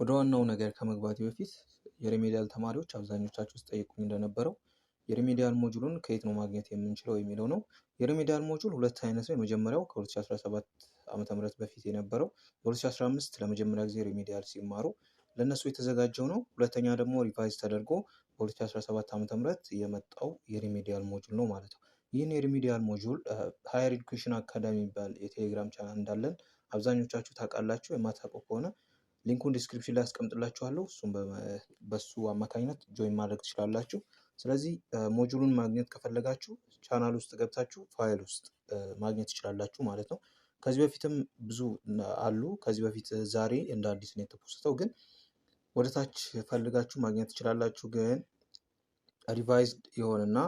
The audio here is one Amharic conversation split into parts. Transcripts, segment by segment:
ወደ ዋናው ነገር ከመግባት በፊት የሪሜዲያል ተማሪዎች አብዛኞቻችሁ ስጠይቁኝ እንደነበረው የሪሜዲያል ሞጁሉን ከየት ነው ማግኘት የምንችለው የሚለው ነው። የሪሜዲያል ሞጁል ሁለት አይነት ነው። የመጀመሪያው ከ2017 ዓ ም በፊት የነበረው በ2015 ለመጀመሪያ ጊዜ ሪሜዲያል ሲማሩ ለእነሱ የተዘጋጀው ነው። ሁለተኛ ደግሞ ሪቫይዝ ተደርጎ በ2017 ዓ ም የመጣው የሪሜዲያል ሞጁል ነው ማለት ነው። ይህን የሪሜዲያል ሞጁል ሃየር ኤዱኬሽን አካዳሚ የሚባል የቴሌግራም ቻናል እንዳለን አብዛኞቻችሁ ታውቃላችሁ። የማታውቁ ከሆነ ሊንኩን ዲስክሪፕሽን ላይ አስቀምጥላችኋለሁ። እሱም በሱ አማካኝነት ጆይን ማድረግ ትችላላችሁ። ስለዚህ ሞጁሉን ማግኘት ከፈለጋችሁ ቻናል ውስጥ ገብታችሁ ፋይል ውስጥ ማግኘት ትችላላችሁ ማለት ነው። ከዚህ በፊትም ብዙ አሉ። ከዚህ በፊት ዛሬ እንደ አዲስ ነው የተፖስተው፣ ግን ወደታች ፈልጋችሁ ማግኘት ትችላላችሁ። ግን ሪቫይዝድ የሆነና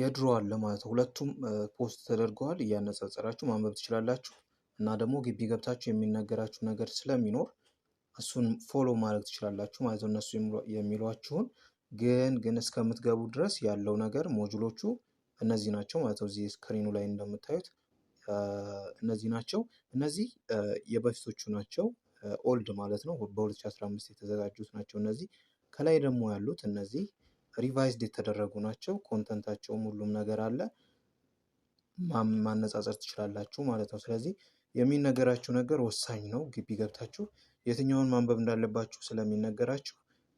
የድሮ አለ ማለት ነው። ሁለቱም ፖስት ተደርገዋል። እያነጻጸራችሁ ማንበብ ትችላላችሁ እና ደግሞ ግቢ ገብታችሁ የሚነገራችሁ ነገር ስለሚኖር እሱን ፎሎ ማድረግ ትችላላችሁ ማለት ነው። እነሱ የሚሏችሁን ግን ግን እስከምትገቡ ድረስ ያለው ነገር ሞጁሎቹ እነዚህ ናቸው ማለት ነው። እዚህ ስክሪኑ ላይ እንደምታዩት እነዚህ ናቸው። እነዚህ የበፊቶቹ ናቸው፣ ኦልድ ማለት ነው። በ2015 የተዘጋጁት ናቸው። እነዚህ ከላይ ደግሞ ያሉት እነዚህ ሪቫይዝድ የተደረጉ ናቸው። ኮንተንታቸውም ሁሉም ነገር አለ። ማነጻጸር ትችላላችሁ ማለት ነው። ስለዚህ የሚነገራችሁ ነገር ወሳኝ ነው። ግቢ ገብታችሁ የትኛውን ማንበብ እንዳለባችሁ ስለሚነገራችሁ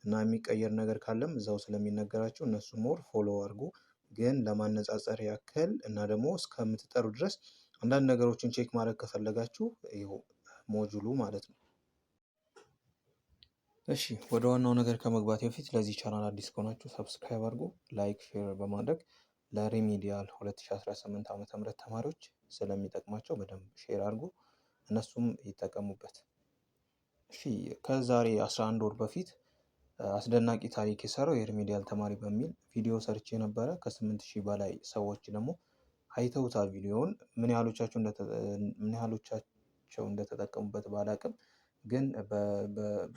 እና የሚቀየር ነገር ካለም እዛው ስለሚነገራችሁ እነሱ ሞር ፎሎ አድርጉ። ግን ለማነጻጸር ያክል እና ደግሞ እስከምትጠሩ ድረስ አንዳንድ ነገሮችን ቼክ ማድረግ ከፈለጋችሁ ይኸው ሞጁሉ ማለት ነው። እሺ ወደ ዋናው ነገር ከመግባት በፊት ለዚህ ቻናል አዲስ ከሆናችሁ ሰብስክራይብ አድርጉ፣ ላይክ፣ ሼር በማድረግ ለሪሚዲያል 2018 ዓ.ም ተማሪዎች ስለሚጠቅማቸው በደንብ ሼር አድርጎ እነሱም ይጠቀሙበት። እሺ ከዛሬ 11 ወር በፊት አስደናቂ ታሪክ የሰራው የሪሚዲያል ተማሪ በሚል ቪዲዮ ሰርች የነበረ ከ8000 በላይ ሰዎች ደግሞ አይተውታል። ቪዲዮውን ምን ያህሎቻቸው እንደተጠቀሙበት ባላቅም ግን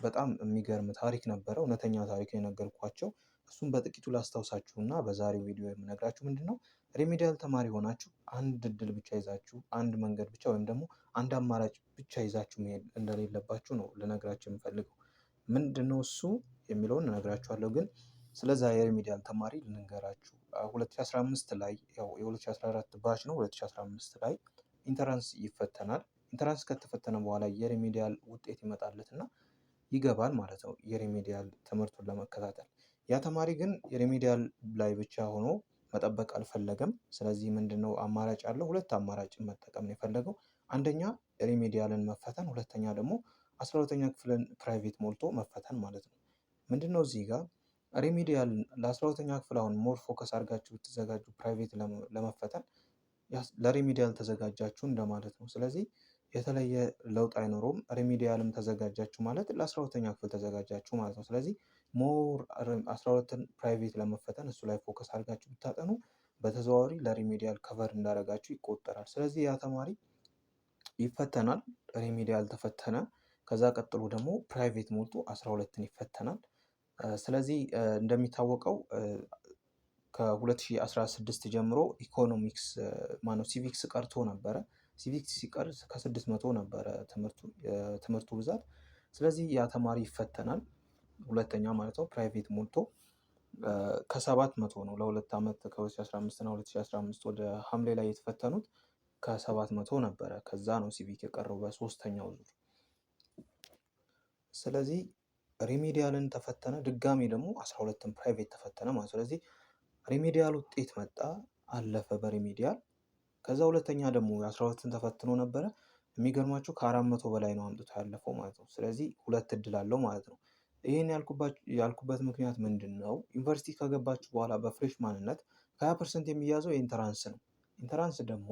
በጣም የሚገርም ታሪክ ነበረ። እውነተኛ ታሪክ የነገርኳቸው እሱም በጥቂቱ ላስታውሳችሁ እና በዛሬው ቪዲዮ የምነግራችሁ ምንድን ነው ሪሚዲያል ተማሪ ሆናችሁ አንድ እድል ብቻ ይዛችሁ አንድ መንገድ ብቻ ወይም ደግሞ አንድ አማራጭ ብቻ ይዛችሁ መሄድ እንደሌለባችሁ ነው ልነግራችሁ የምፈልገው። ምንድን ነው እሱ የሚለውን እነግራችኋለሁ፣ ግን ስለዛ የሪሚዲያል ተማሪ ልንገራችሁ። 2015 ላይ ያው የ2014 ባች ነው። 2015 ላይ ኢንተራንስ ይፈተናል። ኢንተራንስ ከተፈተነ በኋላ የሪሚዲያል ውጤት ይመጣለትና ይገባል ማለት ነው የሪሚዲያል ትምህርቱን ለመከታተል ያ ተማሪ ግን ሪሚዲያል ላይ ብቻ ሆኖ መጠበቅ አልፈለገም። ስለዚህ ምንድነው አማራጭ ያለው? ሁለት አማራጭ መጠቀም ነው የፈለገው። አንደኛ ሪሚዲያልን መፈተን፣ ሁለተኛ ደግሞ አስራ ሁለተኛ ክፍልን ፕራይቬት ሞልቶ መፈተን ማለት ነው። ምንድነው እዚህ ጋር ሪሚዲያል ለአስራ ሁለተኛ ክፍል አሁን ሞር ፎከስ አድርጋችሁ ብትዘጋጁ ፕራይቬት ለመፈተን ለሪሚዲያል ተዘጋጃችሁ እንደማለት ነው። ስለዚህ የተለየ ለውጥ አይኖረውም። ሪሚዲያልም ተዘጋጃችሁ ማለት ለአስራ ሁለተኛ ክፍል ተዘጋጃችሁ ማለት ነው። ስለዚህ ሞር አስራ ሁለትን ፕራይቬት ለመፈተን እሱ ላይ ፎከስ አድርጋችሁ ብታጠኑ በተዘዋዋሪ ለሪሚዲያል ከቨር እንዳደረጋችሁ ይቆጠራል። ስለዚህ ያ ተማሪ ይፈተናል፣ ሪሚዲያል ተፈተነ፣ ከዛ ቀጥሎ ደግሞ ፕራይቬት ሞልቶ አስራ ሁለትን ይፈተናል። ስለዚህ እንደሚታወቀው ከ2016 ጀምሮ ኢኮኖሚክስ ማነው ሲቪክስ ቀርቶ ነበረ። ሲቪክስ ሲቀርስ ከስድስት መቶ ነበረ ትምህርቱ ብዛት። ስለዚህ ያ ተማሪ ይፈተናል ሁለተኛ ማለት ነው ፕራይቬት ሞልቶ ከሰባት መቶ ነው ለሁለት ዓመት ከ2015 እና 2015 ወደ ሐምሌ ላይ የተፈተኑት ከሰባት መቶ ነበረ። ከዛ ነው ሲቪክ የቀረው በሶስተኛው ዙር። ስለዚህ ሪሜዲያልን ተፈተነ ድጋሚ ደግሞ 12ን ፕራይቬት ተፈተነ ማለት ስለዚህ ሪሜዲያል ውጤት መጣ አለፈ በሪሜዲያል ከዛ ሁለተኛ ደግሞ የአስራ ሁለትን ተፈትኖ ነበረ የሚገርማችሁ ከአራት መቶ በላይ ነው አምጥቶ ያለፈው ማለት ነው። ስለዚህ ሁለት እድል አለው ማለት ነው። ይህን ያልኩበት ምክንያት ምንድን ነው? ዩኒቨርሲቲ ከገባችሁ በኋላ በፍሬሽ ማንነት ከሀያ ፐርሰንት የሚያዘው ኢንተራንስ ነው። ኢንተራንስ ደግሞ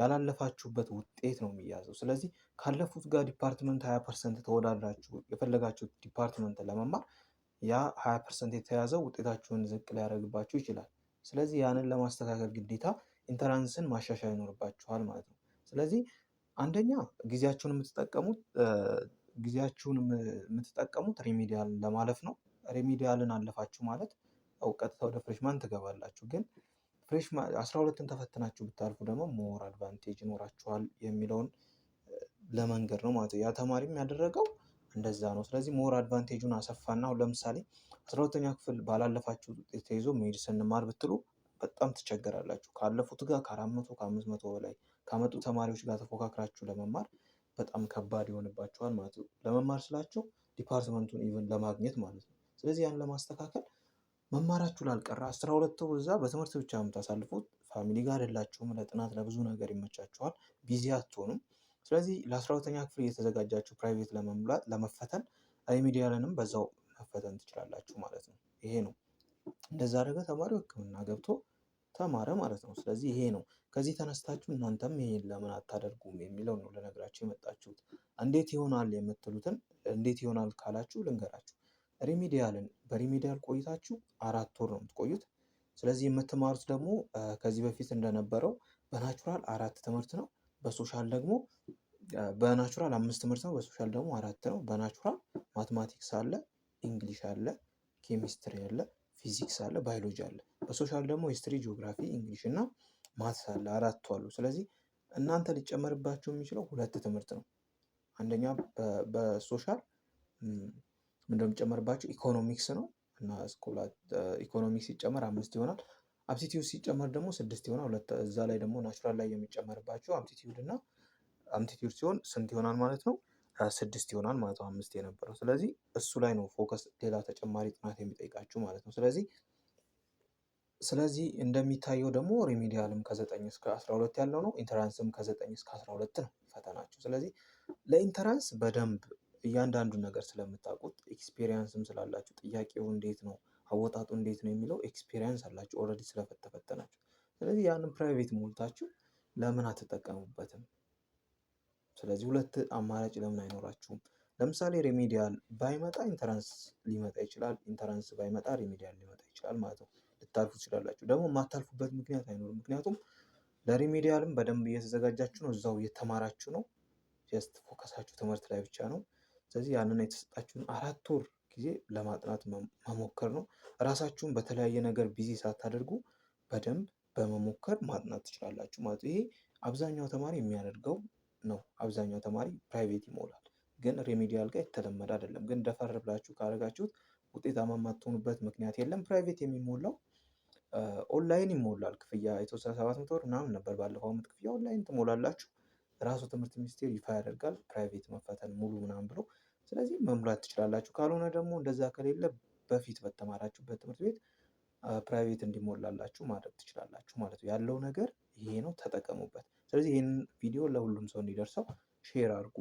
ያላለፋችሁበት ውጤት ነው የሚያዘው። ስለዚህ ካለፉት ጋር ዲፓርትመንት ሀያ ፐርሰንት ተወዳድራችሁ የፈለጋችሁ ዲፓርትመንት ለመማር ያ ሀያ ፐርሰንት የተያዘው ውጤታችሁን ዝቅ ሊያደርግባችሁ ይችላል። ስለዚህ ያንን ለማስተካከል ግዴታ ኢንተራንስን ማሻሻል ይኖርባችኋል ማለት ነው። ስለዚህ አንደኛ ጊዜያችሁን የምትጠቀሙት ጊዜያችሁን የምትጠቀሙት ሪሚዲያል ለማለፍ ነው። ሪሚዲያልን አለፋችሁ ማለት ያው ቀጥታ ወደ ፍሬሽማን ትገባላችሁ። ግን ፍሬሽማን አስራ ሁለትን ተፈትናችሁ ብታልፉ ደግሞ ሞር አድቫንቴጅ ይኖራችኋል የሚለውን ለመንገድ ነው ማለት ነው። ያ ተማሪም ያደረገው እንደዛ ነው። ስለዚህ ሞር አድቫንቴጁን አሰፋና አሁን ለምሳሌ አስራ ሁለተኛ ክፍል ባላለፋችሁ ተይዞ ሜዲሲን እንማር ብትሉ በጣም ትቸገራላችሁ። ካለፉት ጋር ከአራት መቶ ከአምስት መቶ በላይ ካመጡ ተማሪዎች ጋር ተፎካክራችሁ ለመማር በጣም ከባድ ይሆንባችኋል ማለት ነው። ለመማር ስላችሁ ዲፓርትመንቱን ኢቨን ለማግኘት ማለት ነው። ስለዚህ ያን ለማስተካከል መማራችሁ ላልቀረ አስራ ሁለት እዛ በትምህርት ብቻ የምታሳልፉት ፋሚሊ ጋር አይደላችሁም። ለጥናት ለብዙ ነገር ይመቻችኋል፣ ቢዚ አትሆኑም። ስለዚህ ለአስራ ሁለተኛ ክፍል እየተዘጋጃችሁ ፕራይቬት ለመሙላት ለመፈተን ሪሚዲያልንም በዛው መፈተን ትችላላችሁ ማለት ነው። ይሄ ነው እንደዛ አደረገ ተማሪው ሕክምና ገብቶ ተማረ ማለት ነው። ስለዚህ ይሄ ነው። ከዚህ ተነስታችሁ እናንተም ይሄን ለምን አታደርጉም የሚለው ነው ልነግራችሁ የመጣችሁት። እንዴት ይሆናል የምትሉትን እንዴት ይሆናል ካላችሁ ልንገራችሁ። ሪሚዲያልን በሪሚዲያል ቆይታችሁ አራት ወር ነው የምትቆዩት። ስለዚህ የምትማሩት ደግሞ ከዚህ በፊት እንደነበረው በናቹራል አራት ትምህርት ነው። በሶሻል ደግሞ በናቹራል አምስት ትምህርት ነው። በሶሻል ደግሞ አራት ነው። በናቹራል ማትማቲክስ አለ፣ እንግሊሽ አለ፣ ኬሚስትሪ አለ፣ ፊዚክስ አለ፣ ባዮሎጂ አለ። በሶሻል ደግሞ ሂስትሪ፣ ጂኦግራፊ፣ እንግሊሽ እና ማትስ አለ። አራቱ አሉ። ስለዚህ እናንተ ሊጨመርባቸው የሚችለው ሁለት ትምህርት ነው። አንደኛ በሶሻል ምንድነው የሚጨመርባቸው? ኢኮኖሚክስ ነው እና ኢኮኖሚክስ ሲጨመር አምስት ይሆናል። አፕቲቲዩድ ሲጨመር ደግሞ ስድስት ይሆናል። ሁለት እዛ ላይ ደግሞ ናቹራል ላይ የሚጨመርባቸው አፕቲቲዩድ እና አፕቲቲዩድ ሲሆን ስንት ይሆናል ማለት ነው? ስድስት ይሆናል ማለት ነው። አምስት የነበረው ስለዚህ እሱ ላይ ነው ፎከስ ሌላ ተጨማሪ ጥናት የሚጠይቃችሁ ማለት ነው። ስለዚህ ስለዚህ እንደሚታየው ደግሞ ሪሚዲያልም ከዘጠኝ እስከ 12 ያለው ነው። ኢንተራንስም ከዘጠኝ እስከ 12 ነው ፈተናቸው። ስለዚህ ለኢንተራንስ በደንብ እያንዳንዱ ነገር ስለምታውቁት ኤክስፔሪየንስም ስላላችሁ ጥያቄው እንዴት ነው አወጣጡ እንዴት ነው የሚለው ኤክስፔሪየንስ አላችሁ ኦልሬዲ ስለፈተፈተናችሁ። ስለዚህ ያንን ፕራይቬት ሞልታችሁ ለምን አትጠቀሙበትም? ስለዚህ ሁለት አማራጭ ለምን አይኖራችሁም? ለምሳሌ ሪሚዲያል ባይመጣ ኢንተራንስ ሊመጣ ይችላል። ኢንተራንስ ባይመጣ ሪሚዲያል ሊመጣ ይችላል ማለት ነው። ልታልፉ ትችላላችሁ። ደግሞ የማታልፉበት ምክንያት አይኖርም። ምክንያቱም ለሪሜዲያልም በደንብ እየተዘጋጃችሁ ነው፣ እዛው እየተማራችሁ ነው። ጀስት ፎከሳችሁ ትምህርት ላይ ብቻ ነው። ስለዚህ ያንን የተሰጣችሁን አራት ወር ጊዜ ለማጥናት መሞከር ነው። ራሳችሁን በተለያየ ነገር ቢዚ ሳታደርጉ በደንብ በመሞከር ማጥናት ትችላላችሁ ማለት ይሄ አብዛኛው ተማሪ የሚያደርገው ነው። አብዛኛው ተማሪ ፕራይቬት ይሞላል፣ ግን ሪሜዲያል ጋር የተለመደ አይደለም። ግን ደፈር ብላችሁ ካደረጋችሁት ውጤታማ የማትሆኑበት ምክንያት የለም። ፕራይቬት የሚሞላው ኦንላይን ይሞላል ክፍያ የተወሰነ ሰባት መቶ ብር ምናምን ነበር ባለፈው አመት ክፍያ ኦንላይን ትሞላላችሁ። ራሱ ትምህርት ሚኒስቴር ይፋ ያደርጋል ፕራይቬት መፈተን ሙሉ ምናምን ብሎ ስለዚህ መሙላት ትችላላችሁ። ካልሆነ ደግሞ እንደዛ ከሌለ በፊት በተማራችሁበት ትምህርት ቤት ፕራይቬት እንዲሞላላችሁ ማድረግ ትችላላችሁ ማለት ነው። ያለው ነገር ይሄ ነው፣ ተጠቀሙበት። ስለዚህ ይህንን ቪዲዮ ለሁሉም ሰው እንዲደርሰው ሼር አድርጉ፣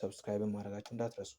ሰብስክራይብን ማድረጋችሁ እንዳትረሱ።